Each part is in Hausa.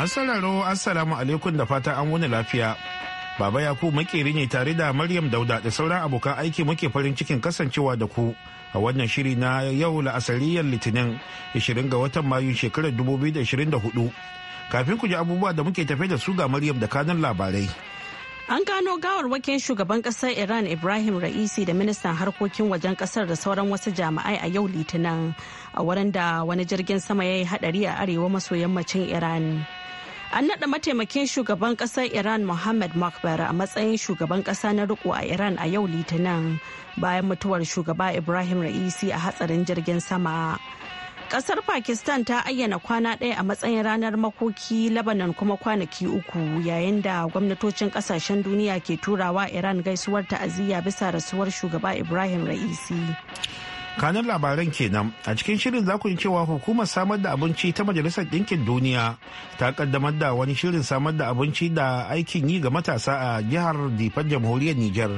masu rawa assalamu alaikum da fata an wuni lafiya baba yaku makeri ne tare da maryam dauda da sauran abokan aiki muke farin cikin kasancewa da ku a wannan shiri na yau la'asariyar litinin 20 ga watan mayu shekarar 2024 kafin ku ji abubuwa da muke tafe da su ga maryam da kanun labarai An gano gawarwakin shugaban kasar Iran Ibrahim Ra'isi da ministan harkokin wajen kasar da sauran wasu jami'ai a yau litinin a wurin da wani jirgin sama ya yi hadari a arewa maso yammacin Iran. An naɗa mataimakin shugaban ƙasar Iran mohammed Makbar a matsayin shugaban ƙasa na riko a Iran a yau Litinin bayan mutuwar shugaba Ibrahim Ra'isi a hatsarin jirgin sama. Ƙasar Pakistan ta ayyana kwana ɗaya a matsayin ranar makoki labanan kuma kwanaki uku yayin da gwamnatocin ƙasashen duniya ke turawa Iran gaisuwar ta'aziyya bisa rasuwar shugaba Ibrahim Ra'isi. kanin labaran kenan a cikin shirin za ku yi cewa hukumar samar da abinci ta majalisar ɗinkin duniya ta kaddamar da wani shirin samar da abinci da aikin yi ga matasa a jihar difan jamhuriyar niger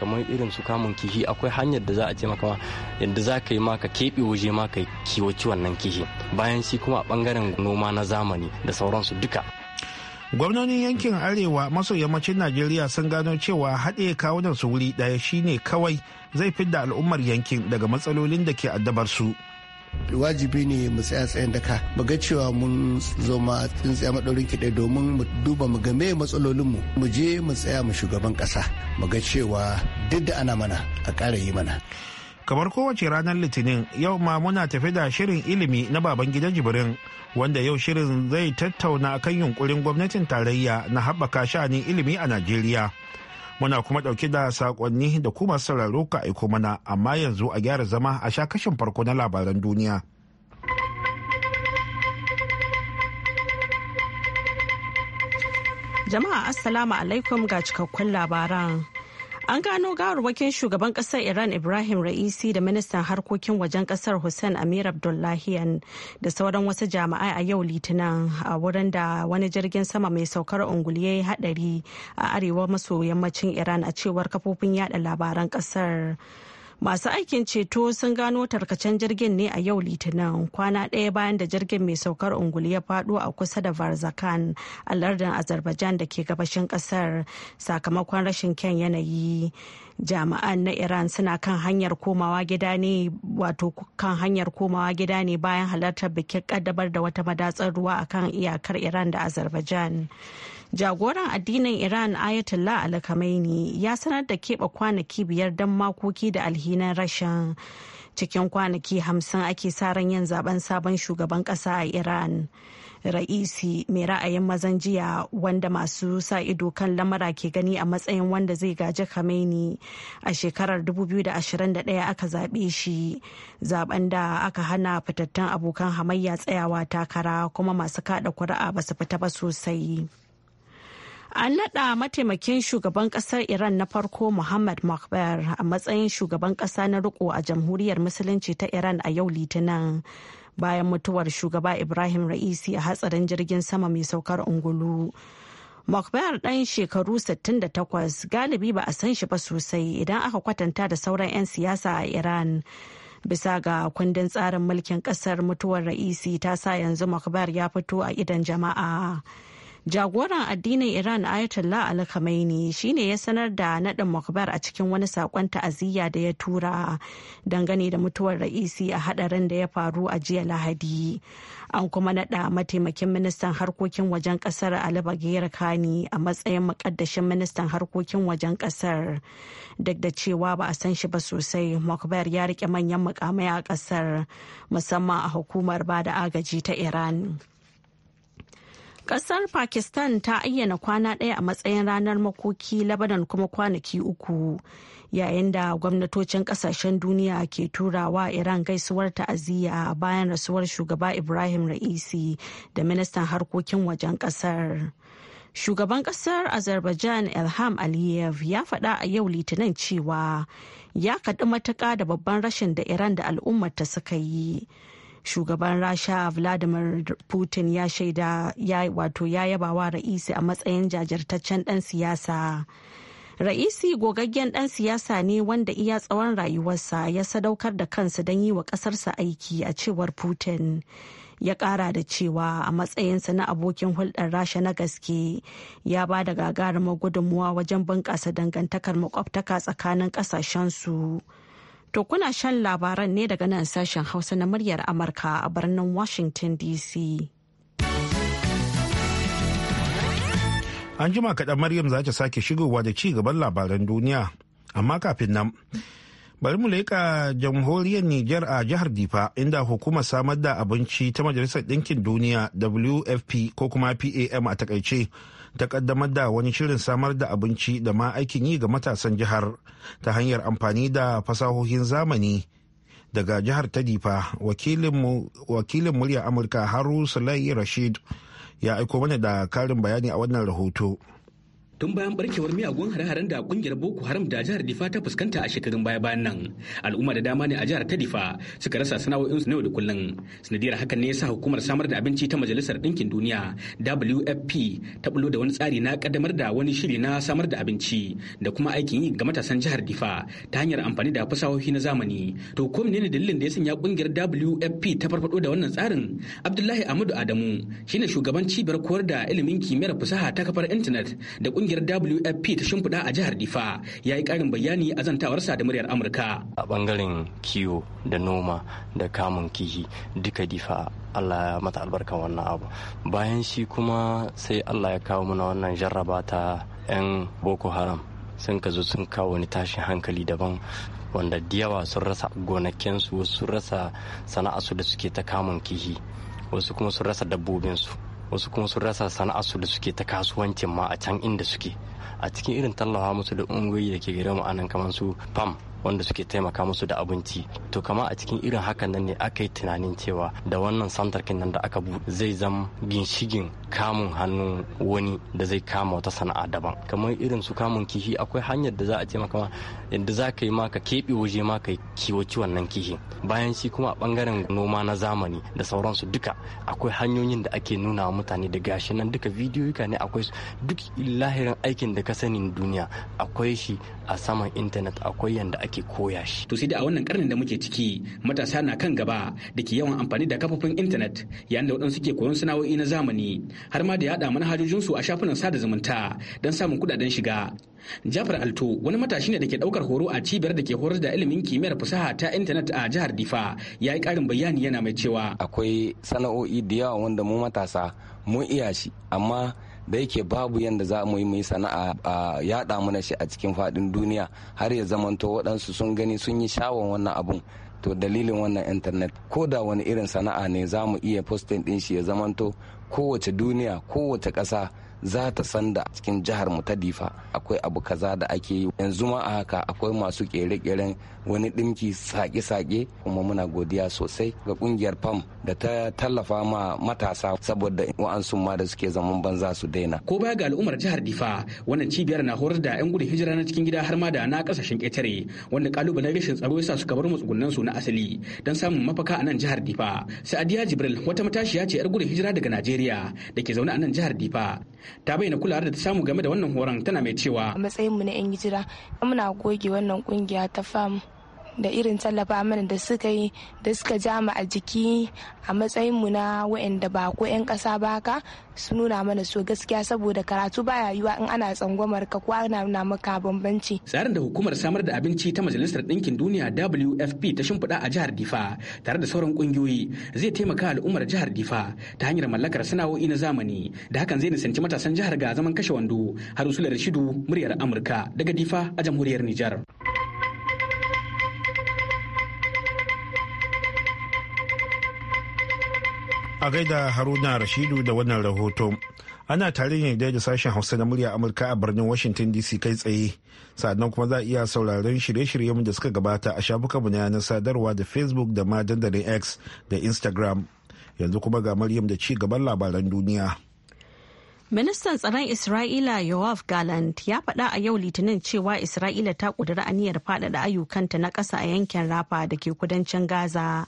kamar irin su kamun kihi akwai hanyar da za a ce maka yadda za ka yi maka keɓe waje maka ka kiwaci wannan kihi bayan shi kuma a ɓangaren noma na zamani da sauransu duka gwamnonin yankin arewa maso yammacin najeriya sun gano cewa haɗe kawunan su wuri ɗaya shine kawai zai fidda al'ummar yankin daga matsalolin da ke addabar su wajibi ne mu tsaya tsayin daka mu ga cewa mun zoma tsaya maɗaurin kiɗe domin mu duba mu game matsalolinmu mu je mu tsaya mu shugaban ƙasa mu ga cewa duk da ana mana a ƙara yi mana kamar kowace ranar litinin yau ma muna tafi da shirin ilimi na baban gidan jibrin wanda yau shirin zai tattauna kan yunkurin gwamnatin tarayya na haɓaka sha'anin ilimi a Najeriya. Muna kuma ɗauki da saƙonni da kuma sauraro ka aiko mana amma yanzu a gyara zama a sha kashin farko na labaran duniya. Jama'a Assalamu alaikum ga cikakkun labaran. An gano gawarwakin shugaban kasar Iran Ibrahim Ra'isi da ministan harkokin wajen kasar Hussein Amir Abdullahian da sauran wasu jami'ai a yau Litinin a wurin da wani jirgin sama mai saukar unguliya ya hadari a arewa maso yammacin Iran a cewar kafofin yada labaran kasar. masu aikin ceto sun gano tarkacen jirgin ne a yau litinin kwana ɗaya bayan da jirgin mai saukar ungulu ya faɗo a kusa da varzakan a lardin azerbaijan da ke gabashin ƙasar sakamakon rashin kyan yanayi jami'an na iran suna kan hanyar komawa gida ne wato kan hanyar komawa gida ne bayan halartar bikin ƙaddamar da wata madatsar ruwa akan iyakar iran da azerbaijan jagoran addinin iran ayatollah alkamaini ya sanar da keɓe kwanaki biyar don makoki da alhinan rashin cikin kwanaki hamsin ake sa ran yin zaben sabon shugaban ƙasa a iran ra'isi mai ra'ayin mazan jiya wanda masu sa ido kan lamara ke gani a matsayin wanda zai gaji khamenei a shekarar 2021 aka zaɓe shi zaben da aka hana fitattun abokan hamayya tsayawa takara kuma masu kaɗa kuri'a ba su fita ba sosai. An naɗa mataimakin shugaban ƙasar Iran na farko Muhammad Makbar a matsayin shugaban ƙasa na riko a jamhuriyar musulunci ta Iran a yau litinin bayan mutuwar shugaba Ibrahim Ra'isi a hatsarin jirgin sama mai saukar ungulu. Makbar ɗan shekaru 68 galibi ba a san shi ba sosai idan aka kwatanta da sauran 'yan siyasa a Iran. bisa ga kundin tsarin mulkin ƙasar, mutuwar ra'isi ta sa yanzu makbar ya fito a idan jama'a Jagoran addinin Iran Ayatollah Ali Khamenei shine ya sanar da naɗin Mukbar a cikin wani saƙon ta'aziyya da ya tura dangane da mutuwar ra'isi a haɗarin da ya faru a jiya Lahadi. An kuma naɗa mataimakin ministan harkokin wajen ƙasar Ali bagir Kani a matsayin muƙaddashin ministan harkokin wajen ƙasar. Duk da cewa ba a san shi ba sosai, Mukbar ya rike manyan mukamai a ƙasar musamman a hukumar ba da agaji ta Iran. Ƙasar Pakistan ta ayyana kwana ɗaya a matsayin ranar makoki labanan kuma kwanaki uku. Yayin da gwamnatocin ƙasashen duniya ke turawa Iran gaisuwar ta'aziyya bayan rasuwar shugaba Ibrahim Ra'isi da ministan harkokin wajen ƙasar. shugaban ƙasar azerbaijan ilham aliyev ya faɗa a yau litinin cewa ya kaɗi matuƙa da babban rashin da iran da al'ummarta suka yi shugaban rasha vladimir putin ya shaida ya wato ya yaba wa ra'isi a matsayin jajirtaccen dan siyasa ra'isi gogaggen dan siyasa ne wanda iya tsawon rayuwarsa ya sadaukar da kansa don yi wa kasarsa aiki a cewar putin ya kara da cewa a matsayinsa na abokin hulɗar rasha na gaske ya ba da gagarumar gudunmuwa wajen bunƙasa dangantakar makwabtaka tsakanin ƙasashensu. To kuna shan labaran ne daga nan sashen Hausa na muryar Amurka a birnin Washington DC. An jima kaɗan Maryam za ta sake shigowa da ci gaban labaran duniya, amma kafin nan. Bari mu leƙa jamhuriyar Nijar a jihar Difa inda hukumar samar da abinci ta Majalisar Ɗinkin Duniya WFP ko kuma PAM a takaice ta kaddamar da wani shirin samar da abinci da ma aikin yi ga matasan jihar ta hanyar amfani da fasahohin zamani daga jihar ta difa wakilin murya amurka haru sulai rashid ya aiko mana da karin bayani a wannan rahoto. tun bayan barkewar miyagun hare-haren da kungiyar boko haram da jihar difa ta fuskanta a shekarun baya bayan nan al'umma da dama ne a jihar ta difa suka rasa sana'o'in su na yau da kullum sanadiyar hakan ne yasa hukumar samar da abinci ta majalisar dinkin duniya wfp ta bulo da wani tsari na kaddamar da wani shiri na samar da abinci da kuma aikin yi ga matasan jihar difa ta hanyar amfani da fasahohi na zamani to ko menene dalilin da ya sanya kungiyar wfp ta farfado da wannan tsarin abdullahi ahmadu adamu shine shugaban cibiyar koyar da ilimin kimiyyar fasaha ta kafar intanet da kungiyar WFP ta shimfiɗa a jihar Difa ya yi ƙarin bayani a zantawarsa da muryar Amurka. A bangaren kiwo da noma da kamun kihi duka Difa Allah ya mata albarka wannan abu. Bayan shi kuma sai Allah ya kawo mana wannan jarraba ta 'yan Boko Haram sun ka zo sun kawo wani tashin hankali daban wanda diyawa sun rasa gonakinsu wasu sun rasa sana'arsu da suke ta kamun kihi wasu kuma sun rasa dabbobinsu wasu kuma sun rasa sana'arsu da suke ta kasuwancin ma a can inda suke a cikin irin tallafa musu da ungoyi da ke gare mu anan kamar su pam wanda suke taimaka musu da abinci to kama a cikin irin hakan nan ne aka yi tunanin cewa da wannan santarkin nan da aka bu zai zama ginshigin kamun hannun wani da zai kama wata sana'a daban kamar irin su kamun kihi akwai hanyar da za a ce maka yadda za ka yi ma ka keɓe waje ma ka kiwo wannan nan kihi bayan shi kuma a bangaren noma na zamani da sauransu duka akwai hanyoyin da ake nuna wa mutane da gashi nan duka bidiyoyi ne akwai su duk lahirin aikin da ka sani duniya akwai shi a saman intanet akwai yadda ake ake koya shi to sai da a wannan karnin da muke ciki matasa na kan gaba da ke yawan amfani da kafofin intanet yayin da waɗansu ke koyon sana'o'i na zamani har ma da yaɗa su a shafunan sada zumunta don samun kuɗaɗen shiga Jafar Alto wani matashi ne da ke ɗaukar horo a cibiyar da ke horar da ilimin kimiyyar fasaha ta intanet a jihar Difa ya yi karin bayani yana mai cewa akwai sana'o'i da yawa wanda mu matasa mun iya shi amma da yake babu yadda za mu yi mu yi sana'a a yada mana shi a cikin fadin duniya har ya zamanto waɗansu sun gani sun yi shawon wannan abun to dalilin wannan intanet ko da wani irin sana'a ne za mu iya fostin din shi ya zamanto kowace duniya kowace ƙasa za ta sanda cikin jihar mu ta difa akwai abu kaza da ake yi yanzu ma a haka akwai masu kere-keren wani ɗinki sake-sake kuma muna godiya sosai ga kungiyar fam da ta tallafa ma matasa saboda wa'ansu ma da suke zaman banza su daina ko baya ga al'ummar jihar difa wannan cibiyar na horar da yan gudun hijira na cikin gida har ma da na kasashen ƙetare wanda kalubalen rashin tsaro yasa suka bar matsugunan su na asali don samun mafaka a nan jihar difa sa'adiya jibril wata matashiya ce yar gudun hijira daga najeriya najeriya da ke zaune a nan jihar difa ta bayyana kulawar da ta samu game da wannan horon tana mai cewa a matsayinmu na 'yan hijira muna goge wannan kungiya ta fam da irin tallafa mana da suka yi da suka ja mu a jiki a matsayin mu na wa'anda ba ko 'yan ƙasa ba ka su nuna mana so gaskiya saboda karatu baya yiwa in ana tsangwamar ka ko ana nuna maka bambanci. Tsarin da hukumar samar da abinci ta Majalisar Ɗinkin Duniya WFP ta shimfiɗa a jihar Difa tare da sauran ƙungiyoyi zai taimaka al'ummar jihar Difa ta hanyar mallakar sana'o'i na zamani da hakan zai nisanci matasan jihar ga zaman kashe wando har Rashidu muryar Amurka daga Difa a jamhuriyar Nijar. A gaida Haruna Rashidu da wannan rahoto. Ana tare ne da sashen Hausa na murya Amurka a birnin Washington DC kai tsaye. Sannan kuma za a iya sauraron shirye-shiryen da suka gabata a shafukanmu na yanar sadarwa da Facebook da ma dandalin X da Instagram. Yanzu kuma ga Maryam da ci gaban labaran duniya. Ministan tsaron Isra'ila Yoav Gallant ya faɗa a yau Litinin cewa Isra'ila ta ƙudiri aniyar faɗaɗa ayyukanta na ƙasa a yankin Rafa da ke kudancin Gaza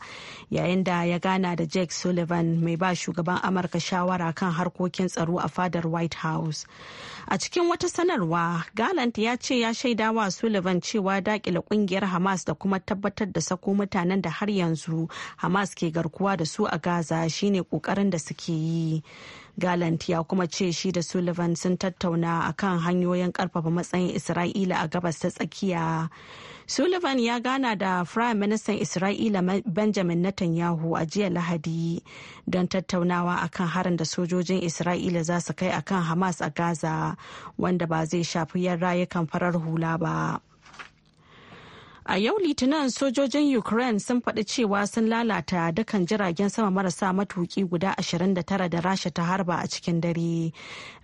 yayin da ya gana da Jake Sullivan mai ba shugaban Amurka shawara kan harkokin tsaro a fadar White House. A cikin wata sanarwa, Gallant ya ce ya shaida wa Sullivan cewa dakile ƙungiyar Hamas da kuma tabbatar da sako mutanen da har yanzu Hamas ke garkuwa da su a Gaza shine ƙoƙarin da suke yi. Galant ya kuma ce shi da Sullivan sun tattauna a kan hanyoyin karfafa matsayin Isra'ila a gabas ta tsakiya. Sullivan ya gana da Prime Minister Isra'ila Benjamin Netanyahu a jiya Lahadi don tattaunawa a kan harin da sojojin Isra'ila za su kai a kan Hamas a Gaza wanda ba zai shafi yan rayukan farar hula ba. A yau Litinin sojojin Ukraine sun faɗi cewa sun lalata dukkan jiragen sama marasa matuki guda 29 da Rasha ta harba a cikin dare.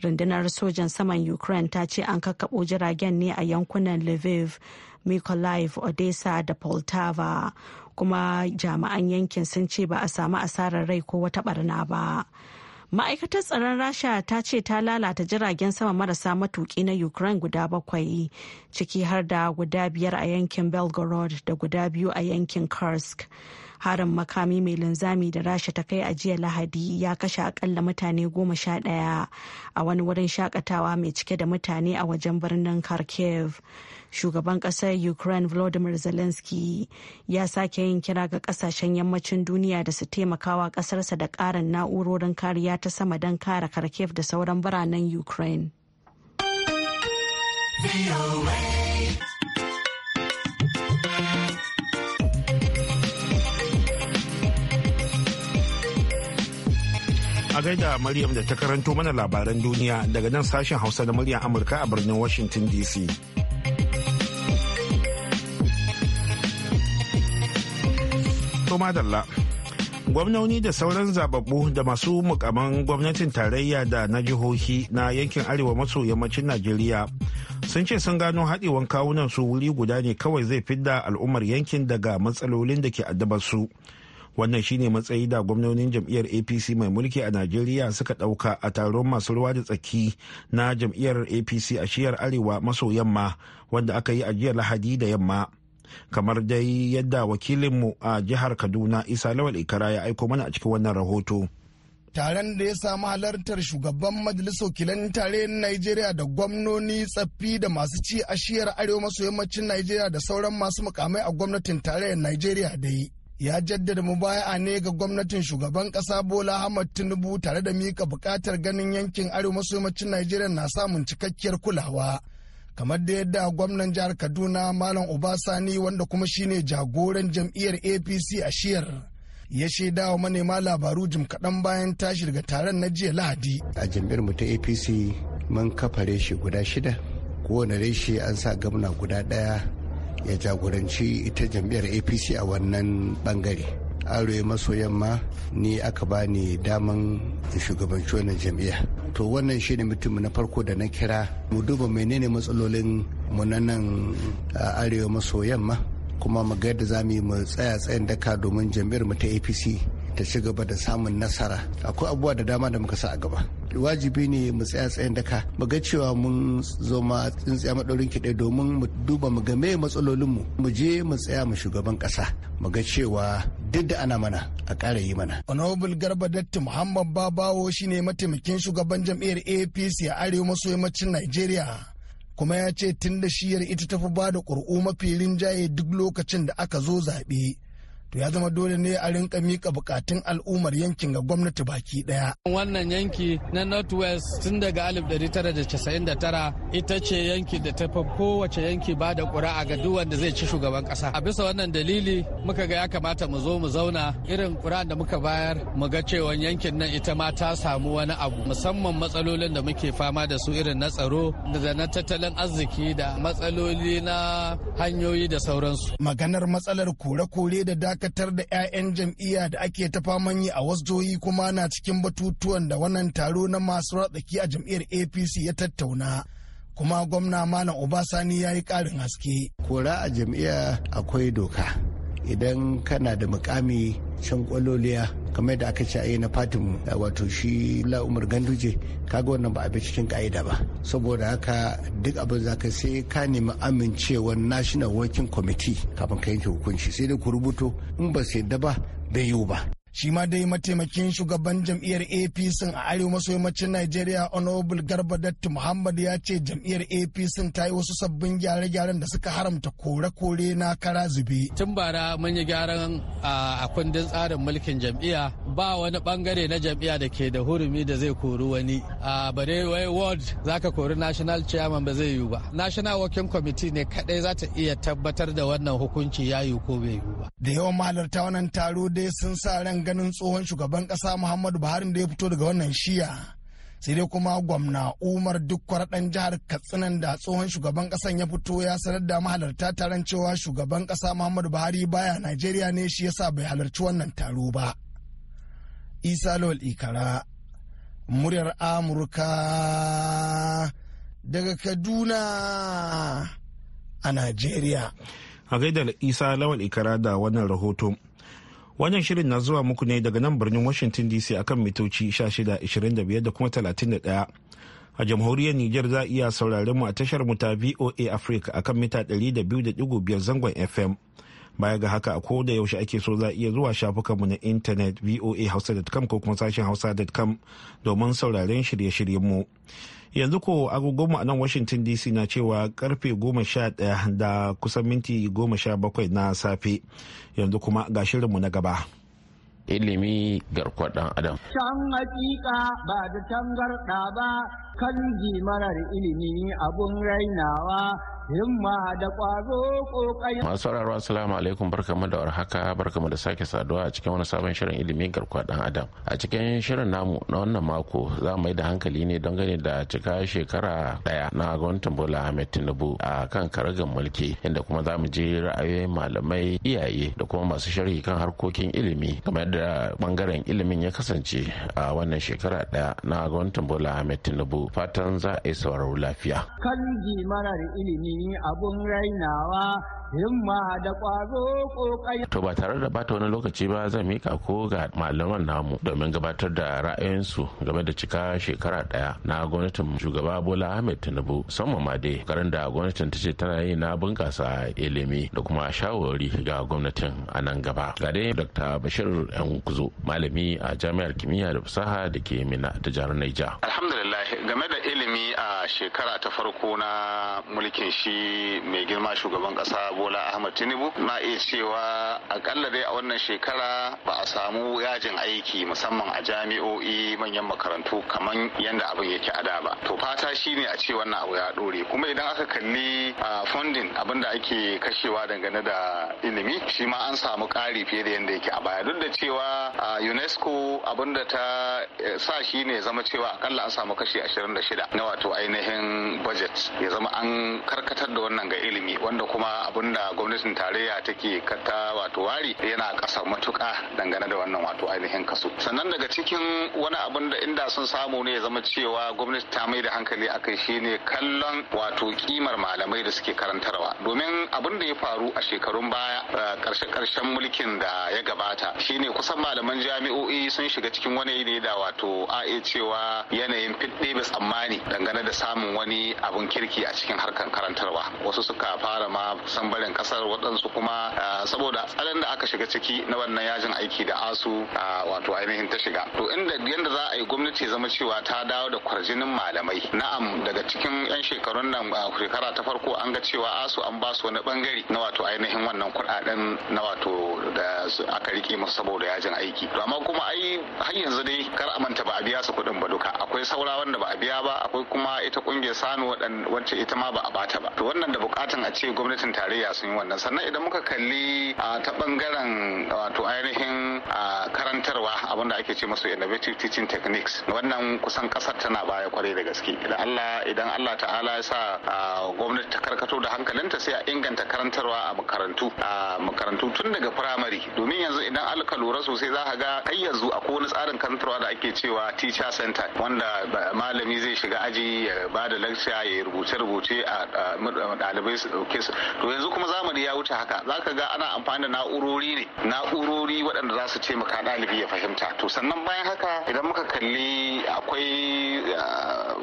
Rundunar sojan saman Ukraine ta ce an kakkaɓo jiragen ne a yankunan Lviv, Mykolaiv, Odessa da Poltava. Kuma jami'an yankin sun ce ba a samu asarar rai ko wata barna ba. ma'aikatar tsaron rasha ta ce ta lalata jiragen sama marasa matuki na ukraine guda bakwai ciki har da guda biyar a yankin belgorod da guda biyu a yankin kursk harin makami mai linzami da rasha ta kai a jiya lahadi ya kashe akalla mutane goma sha ɗaya a wani wurin shakatawa mai cike da mutane a wajen birnin kharkiv shugaban kasar ukraine volodymyr zelensky ya sake yin kira ga kasashen yammacin duniya da su taimakawa kasarsa da karin na'urorin kariya ta sama don kare kharkiv da sauran biranen ukraine a gaida Maryam da ta karanto mana labaran duniya daga nan sashen Hausa da muryar Amurka a birnin Washington DC. To madalla. Gwamnoni da sauran zababbu da masu mukaman gwamnatin tarayya da na jihohi na yankin arewa maso yammacin Najeriya sun ce sun gano haɗewan kawunan su wuri guda ne kawai zai fidda al'ummar yankin daga matsalolin da ke addabar su. Wannan shine matsayi da gwamnonin jam'iyyar APC mai mulki a Najeriya suka ɗauka a taron masu ruwa da tsaki na jam'iyyar APC a shiyar arewa maso yamma wanda aka yi a jiya Lahadi da yamma. kamar dai yadda wakilinmu a jihar kaduna isa lawal ikara ya aiko mana a cikin wannan rahoto taron da ya samu halartar shugaban majalisar wakilan na Najeriya da gwamnoni tsaffi da masu ci a shiyar arewa maso yammacin Najeriya da sauran masu mukamai a gwamnatin tarayyar Najeriya da yi. Ya jaddada mu baya ne ga gwamnatin shugaban kasa Bola Ahmad Tinubu tare da mika bukatar ganin yankin arewa maso yammacin Najeriya na samun cikakkiyar kulawa. kamar da yadda gwamnan jihar kaduna malam obasani wanda kuma shine jagoran jam'iyyar apc a shiyar ya shaida wa manema labaru jim kaɗan bayan tashi daga taron na jiya lahadi a jam'iyyar mu ta apc mun kafa reshe guda shida kowane reshe an sa gwamna guda ɗaya ya jagoranci ita jam'iyyar apc a wannan bangare arewa maso yamma ni aka bani daman shugabanci wannan jam'iyya to wannan shine mutum na farko da na kira mu duba menene matsalolin mu na nan arewa maso yamma kuma mu ga yadda za mu yi mu tsaya tsayin daka domin jam'iyyar mu ta apc ta ci gaba da samun nasara akwai abubuwa da dama da muka sa a gaba wajibi ne mu tsaya tsayin daka mu ga cewa mun zo ma tsintsiya maɗaurin kiɗe domin mu duba mu game matsalolinmu mu je mu tsaya mu shugaban ƙasa mu ga cewa duk da ana mana a ƙara yi mana. Honorable Garba Datti Muhammad Babawo shine mataimakin shugaban jam'iyyar APC a arewa maso yammacin Najeriya. kuma ya ce tun da shiyar ita tafi ba da ƙuri'u mafi rinjaye duk lokacin da aka zo zaɓe to ya zama dole ne a rinka mika bukatun al'ummar yankin ga gwamnati baki daya. Wannan yanki na Northwest tun daga 1999 ita ce yanki da ta kowace yanki ba da ƙuri'a ga duk wanda zai ci shugaban ƙasa. A bisa wannan dalili muka ga ya kamata mu zo mu zauna irin ƙuri'a da muka bayar mu ga cewa yankin nan ita ma ta samu wani abu musamman matsalolin da muke fama da su irin na tsaro da na tattalin arziki da matsaloli na hanyoyi da sauransu. Maganar matsalar kore-kore da daka dakatar da 'ya'yan jam'iyya da ake ta faman yi a wasdoyi kuma na cikin batutuwan da wannan taro na masu ratsaki a jam'iyyar apc ya tattauna kuma gwamna malam obasani ya yi ƙarin haske kora a jam'iyya akwai doka idan kana da mukami can kwaloliya kamar yadda aka ce a yi na fatin wato shi la'umar umar ganduje kaga wannan ba a bi cikin ka'ida ba saboda haka duk abin za ka sai ka nemi amincewar national working committee kafin ka yanke hukunci sai da ku rubuto in ba sai da ba bai yiwu ba shi ma dai mataimakin shugaban jam'iyyar apc a arewa maso yammacin najeriya honorable garba datti muhammad ya ce jam'iyyar apc ta yi wasu sabbin gyare-gyaren da suka haramta kore-kore na kara zube tun bara mun yi gyaran a kundin tsarin mulkin jam'iya, ba wani bangare na jam'iyya da ke da hurumi da zai kori wani a bare wai ward zaka kori national chairman ba zai yiwu ba national working committee ne kadai za ta iya tabbatar da wannan hukunci ya yiwu ko bai yiwu ba da yawan mahalarta wannan taro dai sun sa ran ganin tsohon shugaban kasa muhammadu buhari da ya fito daga wannan shiya sai dai kuma gwamna umar dukkwar dan jihar Katsina da tsohon shugaban ƙasan ya fito ya sanar da mahalarta taron cewa shugaban kasa muhammadu buhari baya najeriya ne shi yasa bai halarci wannan taro ba isa lawal ikara muryar amurka daga kaduna a najeriya a gaida isa lawal ikara da wannan rahoton Wannan shirin na zuwa muku ne daga nan birnin Washington DC akan mitoci 1625 da kuma 31. A jamhuriyar niger za a iya sauraren mu a tashar mu ta VOA Africa akan mita 200.5 zangon FM. Baya ga haka a ko da yaushe ake so za a iya zuwa shafukanmu na intanet voa hausa.com ko kuma sashen hausa.com domin sauraren shirye-shiryen mu. yanzu ko agogonmu a nan washington dc na cewa karfe 11 da kusan minti 17 na safe yanzu kuma ga shirinmu na gaba ilimi garkuwar dan adam can hakika ba da tangarda ba kanji marar ilimi abun rainawa himma da ƙwazo kokai Masu sauraro assalamu alaikum barkamu da warhaka barkamu da sake saduwa a cikin wani sabon shirin ilimi garkuwa ɗan adam. A cikin shirin namu na wannan mako za mu da hankali ne don gani da cika shekara ɗaya na gwamnatin Bola Ahmed Tinubu a kan karagan mulki inda kuma za mu je ra'ayoyin malamai iyaye da kuma masu sharhi kan harkokin ilimi kamar yadda bangaren ilimin ya kasance a wannan shekara ɗaya na gwamnatin Bola Ahmed Tinubu. fatan za a yi sauraro lafiya. Kanji marar ilimi abun rainawa himma da ƙwazo ƙoƙari. To ba tare da bata wani lokaci ba zan mika ko ga malaman namu domin gabatar da ra'ayinsu game da cika shekara ɗaya na gwamnatin shugaba Bola Ahmed Tinubu musamman ma dai karin da gwamnatin ta ce tana yi na bunƙasa ilimi da kuma shawarwari ga gwamnatin a nan gaba. Ga dai Dr. Bashir Yankuzo malami a jami'ar kimiyya da fasaha da ke Mina ta jihar Niger. Alhamdulillah game da ilimi a shekara ta farko na mulkin shi mai girma shugaban kasa bola ahmad tinubu na iya cewa akalla dai a wannan shekara ba a samu yajin aiki musamman a jami'o'i manyan makarantu kamar yadda abin yake a da ba to fata shine a ce wannan abu ya dore kuma idan aka kalli a funding abin da ake kashewa dangane da ilimi shi ma an samu kari fiye da yadda yake a baya duk da cewa unesco abin da ta eh, sa shi ne zama cewa akalla an samu kashe ashirin 2026 na wato ainihin budget ya zama an karkatar da wannan ga ilimi wanda kuma abun da gwamnatin tarayya take kata wato wari yana ƙasa matuka dangane da wannan wato ainihin kaso sannan daga cikin wani abun da inda sun samu ne ya zama cewa gwamnati ta mai da hankali a kai shine kallon wato kimar malamai da suke karantarwa domin abin da ya faru a shekarun baya karshe-karshen mulkin da ya gabata shine kusan malaman jami'o'i sun shiga cikin wani ne da wato a cewa yanayin fitne tsammani dangane da samun wani abun kirki a cikin harkar karantarwa wasu suka fara ma kusan barin kasar waɗansu kuma saboda tsarin da aka shiga ciki na wannan yajin aiki da asu wato ainihin ta shiga to inda yadda za a yi gwamnati zama cewa ta dawo da kwarjinin malamai na'am daga cikin 'yan shekarun nan a shekara ta farko an ga cewa asu an ba su wani bangare na wato ainihin wannan kuɗaɗen na wato da aka rike musu saboda yajin aiki to amma kuma ai har yanzu dai kar a manta ba a biya su kuɗin ba duka akwai saura wanda ba a biya ba akwai kuma ita kungiyar sanu wacce ita ma ba a bata ba to wannan da bukatan a ce gwamnatin tarayya sun yi wannan sannan idan muka kalli ta bangaren wato ainihin karantarwa abinda ake ce masu innovative teaching techniques wannan kusan kasar tana baya kwarai da gaske idan Allah idan Allah ta'ala ya sa gwamnati ta karkato da hankalinta sai a inganta karantarwa a makarantu a makarantu tun daga firamare domin lura sosai za ka ga har yanzu a wani tsarin kantarwa da ake cewa teacher center wanda malami zai shiga aji ya ba da lecture ya rubuce-rubuce a dalibai su to yanzu kuma zamani ya wuce haka za ka ga ana amfani da na'urori ne na'urori waɗanda za su taimaka ɗalibi ya fahimta to sannan bayan haka idan muka kalli akwai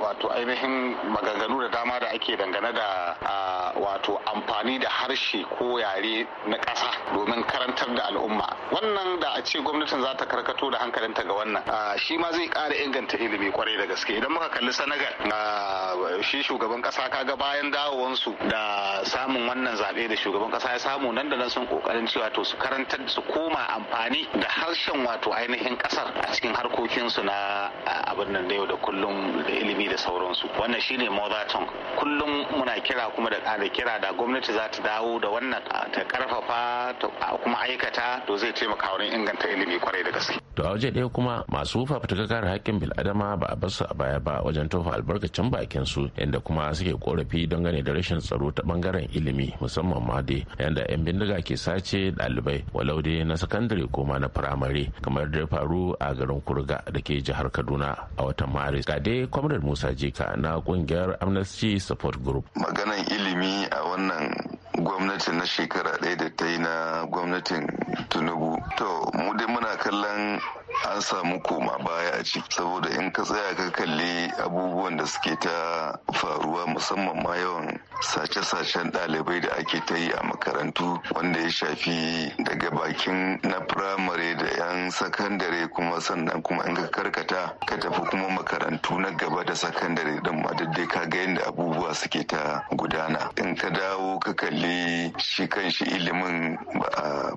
wato ainihin maganganu da dama da ake dangane da wato amfani da harshe ko yare na ƙasa domin karantar da al'umma wannan da a ce gwamnatin za ta karkato da hankalinta ga wannan shi ma zai kara inganta ilimi kwarai da gaske idan muka kalli senegal shi shugaban kasa kaga bayan dawowansu da samun wannan zaɓe da shugaban kasa ya samu nan da nan sun kokarin cewa to su karanta su koma amfani da harshen wato ainihin kasar a cikin harkokinsu na abin nan da yau da kullum da ilimi da sauransu wannan shine mother kullum muna kira kuma da ƙara kira da gwamnati za ta dawo da wannan ta karfafa ta kuma aikata to zai taimaka wurin inganta ilimi kwarai da gaske to a waje ɗaya kuma masu fafutuka kare haƙƙin bil'adama ba a basu a baya ba wajen tofa albarkacin bakin su inda kuma suke korafi dangane da rashin tsaro ta bangaren ilimi musamman ma dai yanda yan bindiga ke sace ɗalibai walau dai na sakandare ko ma na firamare kamar da faru a garin kurga da ke jihar kaduna a watan maris ga dai kwamrar musa jika na ƙungiyar amnesty support group maganan ilimi a wannan gwamnati na shekara ɗaya da ta yi na gwamnatin tunubu to mu dai muna kallon an samu koma baya a ciki saboda in ka tsaya ka kalli abubuwan da suke ta faruwa musamman ma yawan sace-sacen ɗalibai da ake ta yi a makarantu wanda ya shafi daga bakin na firamare da 'yan sakandare kuma sannan kuma in ka karkata ka tafi kuma makarantu na gaba da sakandare din ma dai ka ga yadda abubuwa suke ta gudana in ka dawo ka kalli shi kan shi ilimin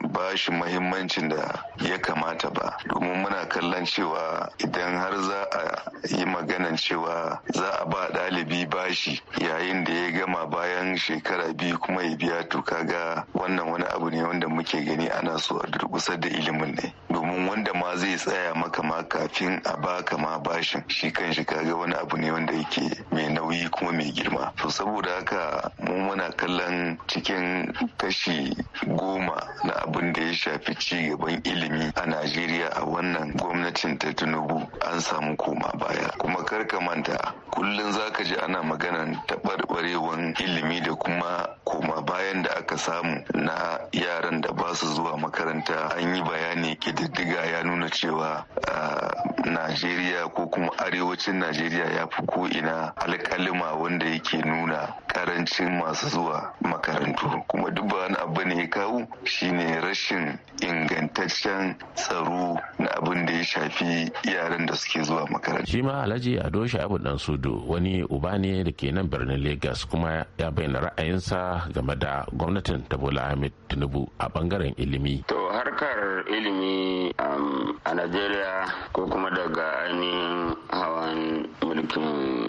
ba a shi mahimmancin da ya kamata ba domin muna kallon cewa idan har za a yi maganan cewa za a ba ɗalibi bashi yayin da ya gama bayan shekara biyu kuma ya biya to kaga wannan wani abu ne wanda muke gani ana so a durkusar da ilimin ne domin wanda ma zai tsaya maka ma kafin a baka ma bashin shi kan shi kaga wani abu ne wanda yake mai nauyi kuma mai girma to saboda haka mu muna kallon cikin kashi goma na abin da ya shafi ci gaban ilimi a najeriya a wannan gwamnatin ta tinubu an samu koma baya kuma karka manta kullum za ka ji ana maganan taɓarɓarewan ilimi da kuma koma bayan da aka samu na yaran da ba su zuwa makaranta an yi bayani ƙididdiga ya nuna cewa najeriya ko kuma arewacin najeriya ya fi ko ina alƙalima wanda yake nuna karancin masu zuwa makarantu kuma duk ba wani abu ne ya kawo shine rashin ingantaccen tsaro na abin da ya shafi yaran da suke zuwa makarantu. shi ma alhaji ado sha'abu dan sudu wani uba ne da ke nan birnin lagos kuma ya bayyana ra'ayinsa game da gwamnatin ta bola ahmed tinubu a bangaren ilimi. to harkar ilimi um, a najeriya ko kuma daga ainihin hawan mulkin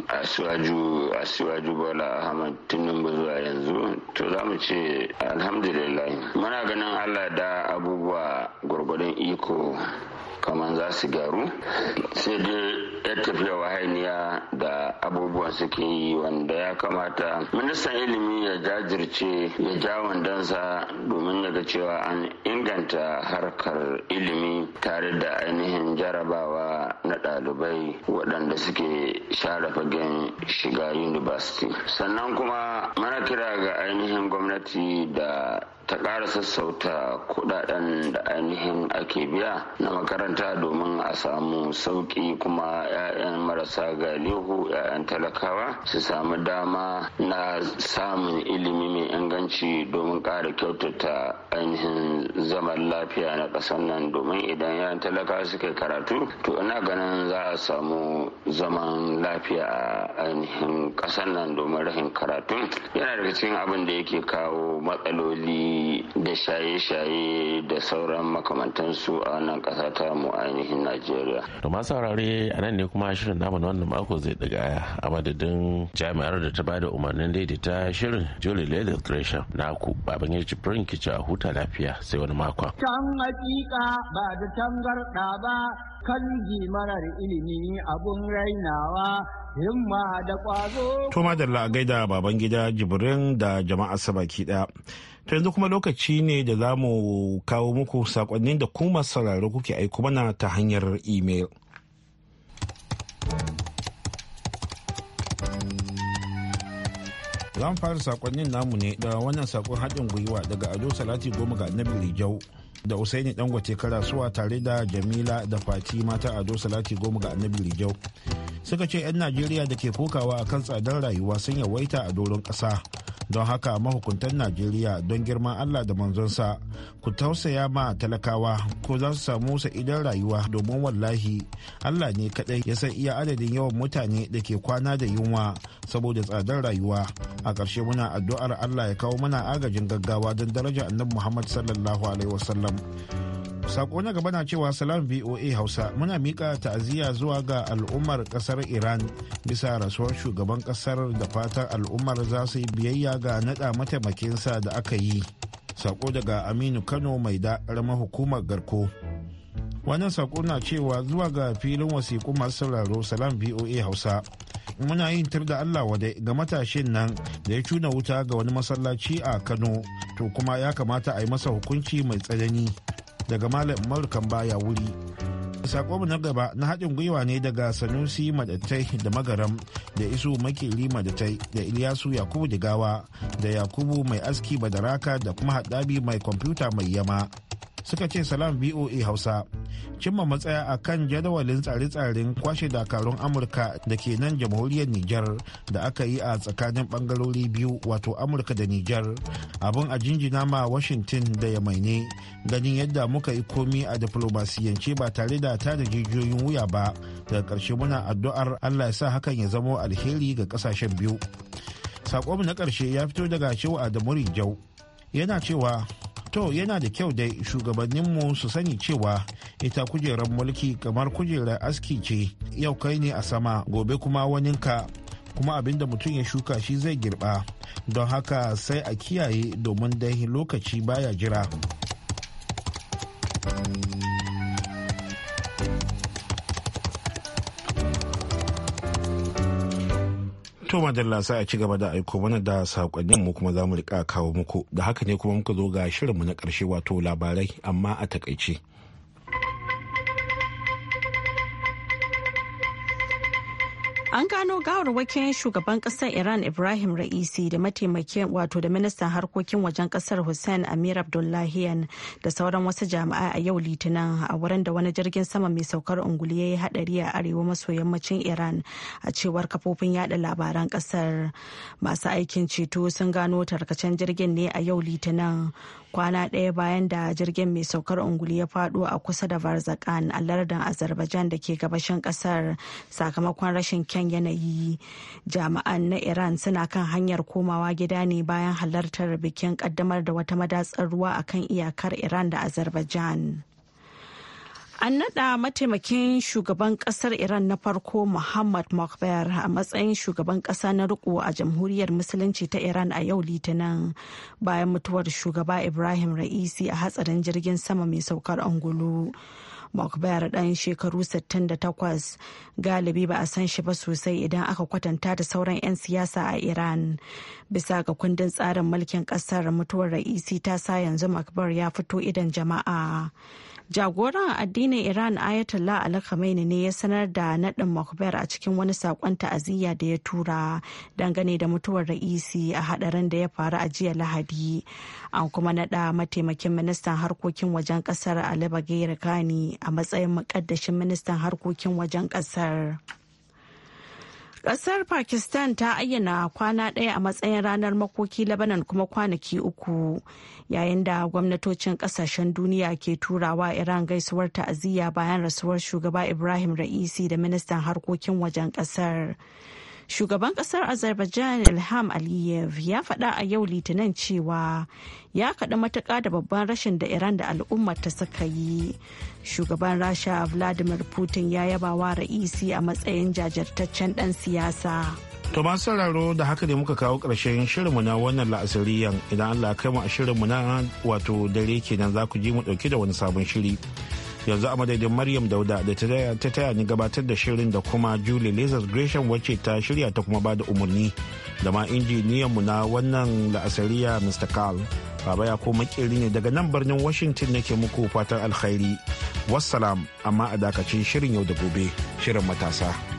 asiwaju asiwaju bola ahmad tinubu zuwa yanzu to za mu ce alhamdulillah muna ganin allah da abubuwa gwargwadon iko kamar za su gyaru sai dai ya tafiya wahainiya da abubuwan suke yi wanda ya kamata ministan ilimi ya jajirce ya ja wandansa domin ya ga cewa an inganta harkar ilimi tare da ainihin jarabawa na ɗalibai waɗanda suke share fagen shiga university sannan kuma mana kira ga ainihin gwamnati da ta ƙara sassauta kudaden da ainihin ake biya na makaranta domin a samu sauƙi kuma 'ya'yan marasa galihu 'ya'yan talakawa su samu dama na samun ilimi mai inganci domin ƙara kyautata ainihin zaman lafiya na ƙasar nan domin idan 'ya'yan talakawa suka karatu to ina ganin za a samu zaman lafiya a ainihin ƙasar nan domin rahin karatu yana daga cikin abin da yake kawo matsaloli da shaye-shaye da sauran makamantansu a wannan ƙasa ta mu ainihin najeriya to masu saurare a nan ne kuma shirin namu wannan mako zai daga a madadin jami'ar da ta ba da umarnin daidaita shirin jolly lady gresham naku baban ya ci furin ci a huta lafiya sai wani mako. can hakika ba da tangarɗa ba kan marar ilimi abun rainawa himma da To madalla gaida baban gida jibrin da jama'a baki daya To yanzu kuma lokaci ne da za mu kawo muku sakonnin da kuma sauraro kuke aiko mana ta hanyar imel. Zan fara sakonnin namu ne da wannan sakon haɗin gwiwa daga Ado Salati Goma ga Annabi Rijau. da usaini dangote karasuwa tare da jamila da fati mata ado salati goma ga annabi rijau suka ce 'yan najeriya da ke kokawa a kan tsadar rayuwa sun yawaita a doron ƙasa don haka mahukuntan najeriya don girman allah da manzonsa ku tausaya ma talakawa ko za su samu sa'idan rayuwa domin wallahi allah ne kadai ya san iya adadin yawan mutane da ke kwana da yunwa saboda tsadar rayuwa a ƙarshe muna addu'ar allah ya kawo mana agajin gaggawa don daraja annabi muhammad sallallahu alaihi wasallam sako na gaba na cewa salam voa hausa muna mika ta'aziyya zuwa ga al'ummar kasar iran bisa rasuwar shugaban kasar da fatan al'ummar za su yi biyayya ga nada mataimakinsa da aka yi sako daga aminu kano mai da hukumar garko wannan sako na cewa zuwa ga filin wasiƙu masu sauraro salam voa hausa muna yin tur da allah wadai ga matashin nan da ya cuna wuta ga wani masallaci a kano to kuma ya kamata a yi masa hukunci mai tsanani daga Malam Umar baya wuri. Sakonmu na gaba na haɗin gwiwa ne daga Sanusi Madatai da Magaram da Isu Makeri Madatai da Iliyasu Yakubu Digawa da Yakubu Mai Aski Badaraka da kuma Haɗabi Mai Kwamfuta Mai Yama. suka ce salam boa hausa cimma matsaya a kan jadawalin tsare-tsaren kwashe dakarun amurka da ke nan jamhuriyar nijar da aka yi a tsakanin bangarori biyu wato amurka da nijar abin a jinjina ma washington da yamai ne ganin yadda muka yi komi a diflomasiyance ba tare da ta da jijiyoyin wuya ba daga ƙarshe muna addu'ar allah ya sa hakan ya zamo alheri ga ƙasashen biyu sakonmu na ƙarshe ya fito daga shewa da murin jau yana cewa to yana da kyau dai shugabanninmu su sani cewa ita kujerar mulki kamar kujerar aski ce yau kai ne a sama gobe kuma waninka kuma abin da mutum ya shuka shi zai girba don haka sai a kiyaye domin dai lokaci baya jira. To madalla sai a ci gaba da aiko mana da sakonnin mu kuma zamu mu rika kawo muku da haka ne kuma muka zo ga shirinmu na ƙarshe wato labarai amma a takaice. An gano gawarwakin shugaban kasar Iran Ibrahim Ra'isi da mataimakin wato da ministan harkokin wajen kasar Hussein Amir Abdullahian da sauran wasu jami'ai a yau Litinin a wurin da wani jirgin sama mai saukar unguli ya yi hadari a arewa maso yammacin Iran a cewar kafofin yada labaran kasar. Masu aikin ceto sun gano tarkacen jirgin ne a yau Litinin kwana ɗaya bayan da jirgin mai saukar unguli ya faɗo a kusa da Barzakan a lardin Azerbaijan da ke gabashin kasar sakamakon rashin kyan kan yanayi jami'an na iran suna kan hanyar komawa gida ne bayan halartar bikin kaddamar da wata madatsar ruwa a kan iyakar iran da azerbaijan An naɗa mataimakin shugaban kasar Iran na farko Muhammad mokbar a matsayin shugaban ƙasa na riko a jamhuriyar musulunci ta Iran a yau litinin bayan mutuwar shugaba Ibrahim Ra'isi a hatsarin jirgin sama mai saukar angulu. Mokbar ɗan shekaru 68 galibi ba a san shi ba sosai idan aka kwatanta da sauran 'yan siyasa a Iran. Bisa ga kundin tsarin mulkin ƙasar mutuwar ra'isi ta sa yanzu Mokbar ya fito idan jama'a. Jagoran addinin Iran Ayatollah Ali Khamenei ne ya sanar da naɗin Mokber a cikin wani saƙon ta'aziyya da ya tura dangane da mutuwar ra'isi a haɗarin da ya faru a jiya Lahadi. An kuma naɗa mataimakin ministan harkokin wajen ƙasar Ali Bagheera Kani a matsayin muƙaddashin ministan harkokin wajen ƙasar. Ƙasar Pakistan ta ayyana kwana ɗaya a matsayin ranar makoki labanan kuma kwanaki uku yayin da gwamnatocin ƙasashen duniya ke turawa Iran gaisuwar ta'aziyya bayan rasuwar shugaba Ibrahim Ra'isi da ministan harkokin wajen ƙasar. Shugaban kasar Azerbaijan Ilham Aliyev ya faɗa a yau Litinin cewa ya kaɗi matuƙa da babban rashin da Iran da al'ummar ta suka yi. Shugaban Rasha Vladimir Putin ya yaba wa ra'isi a matsayin jajirtaccen ɗan siyasa. To ma sauraro da haka ne muka kawo ƙarshen shirinmu na wannan la'asariyan idan Allah kai mu a shirinmu na wato dare kenan za ku ji mu ɗauki da wani sabon shiri. yanzu a madadin maryam dauda da ta taya ni gabatar da shirin da kuma julie lizard gresham wacce ta shirya ta kuma bada umarni da ma mu na wannan la'asariya mr carl baba ya ko makeri ne daga nan birnin washington nake muku fatan alkhairi wassalam amma a dakacin shirin yau da gobe shirin matasa.